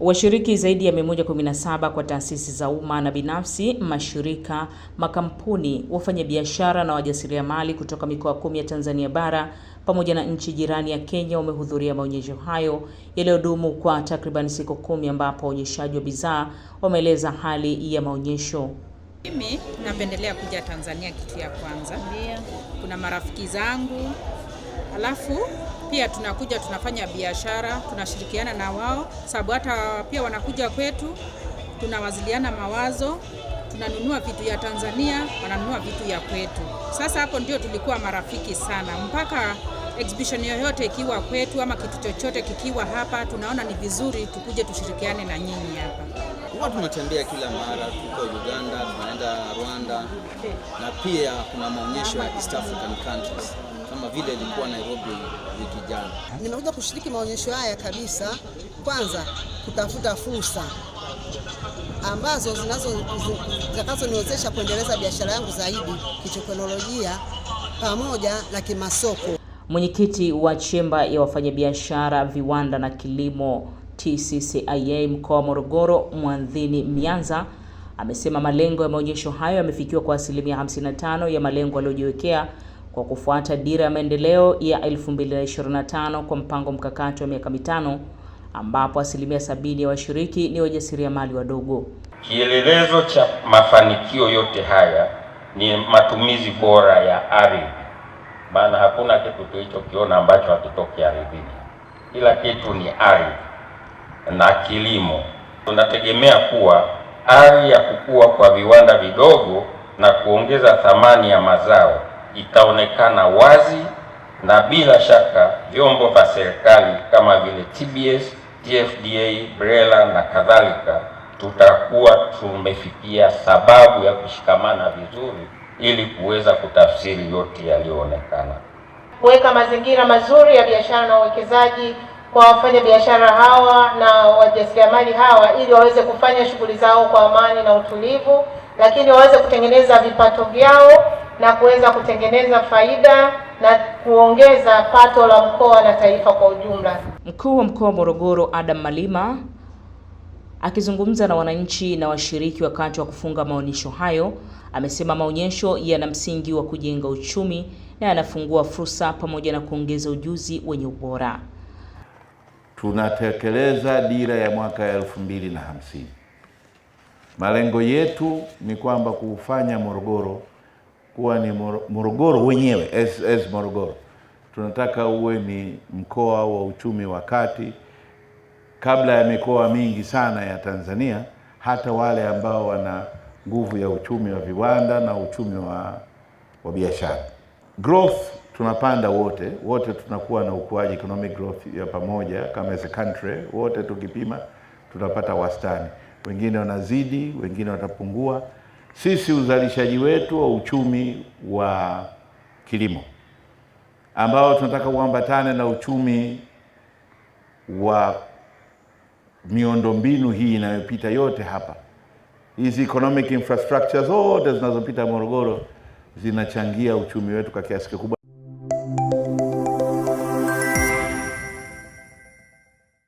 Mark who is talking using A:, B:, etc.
A: Washiriki zaidi ya 117 kwa taasisi za umma na binafsi, mashirika, makampuni, wafanyabiashara na wajasiriamali kutoka mikoa kumi ya Tanzania bara pamoja na nchi jirani ya Kenya wamehudhuria maonyesho hayo yaliyodumu kwa takriban siku kumi ambapo waonyeshaji wa bidhaa wameeleza hali ya maonyesho.
B: Mimi napendelea kuja Tanzania kitu ya kwanza. Kuna marafiki zangu alafu pia tunakuja tunafanya biashara, tunashirikiana na wao, sababu hata pia wanakuja kwetu, tunawaziliana mawazo, tunanunua vitu ya Tanzania, wananunua vitu ya kwetu. Sasa hapo ndio tulikuwa marafiki sana mpaka exhibition yoyote ikiwa kwetu ama kitu chochote kikiwa hapa, tunaona ni vizuri tukuje tushirikiane na nyinyi hapa.
C: Huwa tunatembea kila mara, tuko Uganda, tunaenda Rwanda na pia kuna maonyesho ya East African countries kama vile ilikuwa Nairobi wiki jana.
B: Nimekuja kushiriki maonyesho haya kabisa, kwanza kutafuta fursa ambazo zitakazoniwezesha kuendeleza biashara yangu zaidi kiteknolojia pamoja na kimasoko.
A: Mwenyekiti wa chemba ya wafanyabiashara viwanda na kilimo TCCIA mkoa wa Morogoro mwandhini Mianza amesema malengo ya maonyesho hayo yamefikiwa kwa asilimia 55 ya malengo yaliyojiwekea kwa kufuata dira ya maendeleo ya 2025 kwa mpango mkakati wa miaka mitano ambapo asilimia sabini ya washiriki ni wajasiriamali wadogo.
D: Kielelezo cha mafanikio yote haya ni matumizi bora ya ardhi maana hakuna kitu tulichokiona ambacho hakitoki ardhini. Kila kitu ni ardhi na kilimo. Tunategemea kuwa ari ya kukua kwa viwanda vidogo na kuongeza thamani ya mazao itaonekana wazi, na bila shaka vyombo vya serikali kama vile TBS, TFDA, BRELA na kadhalika tutakuwa tumefikia sababu ya kushikamana vizuri ili kuweza kutafsiri yote yaliyoonekana.
B: Kuweka mazingira mazuri ya biashara na uwekezaji kwa wafanya biashara hawa na wajasiriamali hawa ili waweze kufanya shughuli zao kwa amani na utulivu, lakini waweze kutengeneza vipato vyao na kuweza kutengeneza faida na kuongeza pato la mkoa na taifa kwa ujumla.
A: Mkuu wa mkoa wa Morogoro Adam Malima Akizungumza na wananchi na washiriki wakati wa kufunga maonyesho hayo, amesema maonyesho yana msingi wa kujenga uchumi na yanafungua fursa pamoja na kuongeza ujuzi wenye ubora.
E: Tunatekeleza dira ya mwaka hamsini. Malengo yetu ni kwamba kuufanya Morogoro kuwa ni Morogoro wenyewe as, as Morogoro tunataka uwe ni mkoa wa uchumi wa kati kabla ya mikoa mingi sana ya Tanzania, hata wale ambao wana nguvu ya uchumi wa viwanda na uchumi wa, wa biashara. Growth tunapanda wote, wote tunakuwa na ukuaji economic growth ya pamoja kama as a country, wote tukipima tutapata wastani, wengine wanazidi, wengine watapungua. Sisi uzalishaji wetu wa uchumi wa kilimo ambao tunataka uambatane na uchumi wa miundombinu hii inayopita yote hapa, hizi economic infrastructure zote zinazopita Morogoro zinachangia uchumi wetu kwa kiasi kikubwa.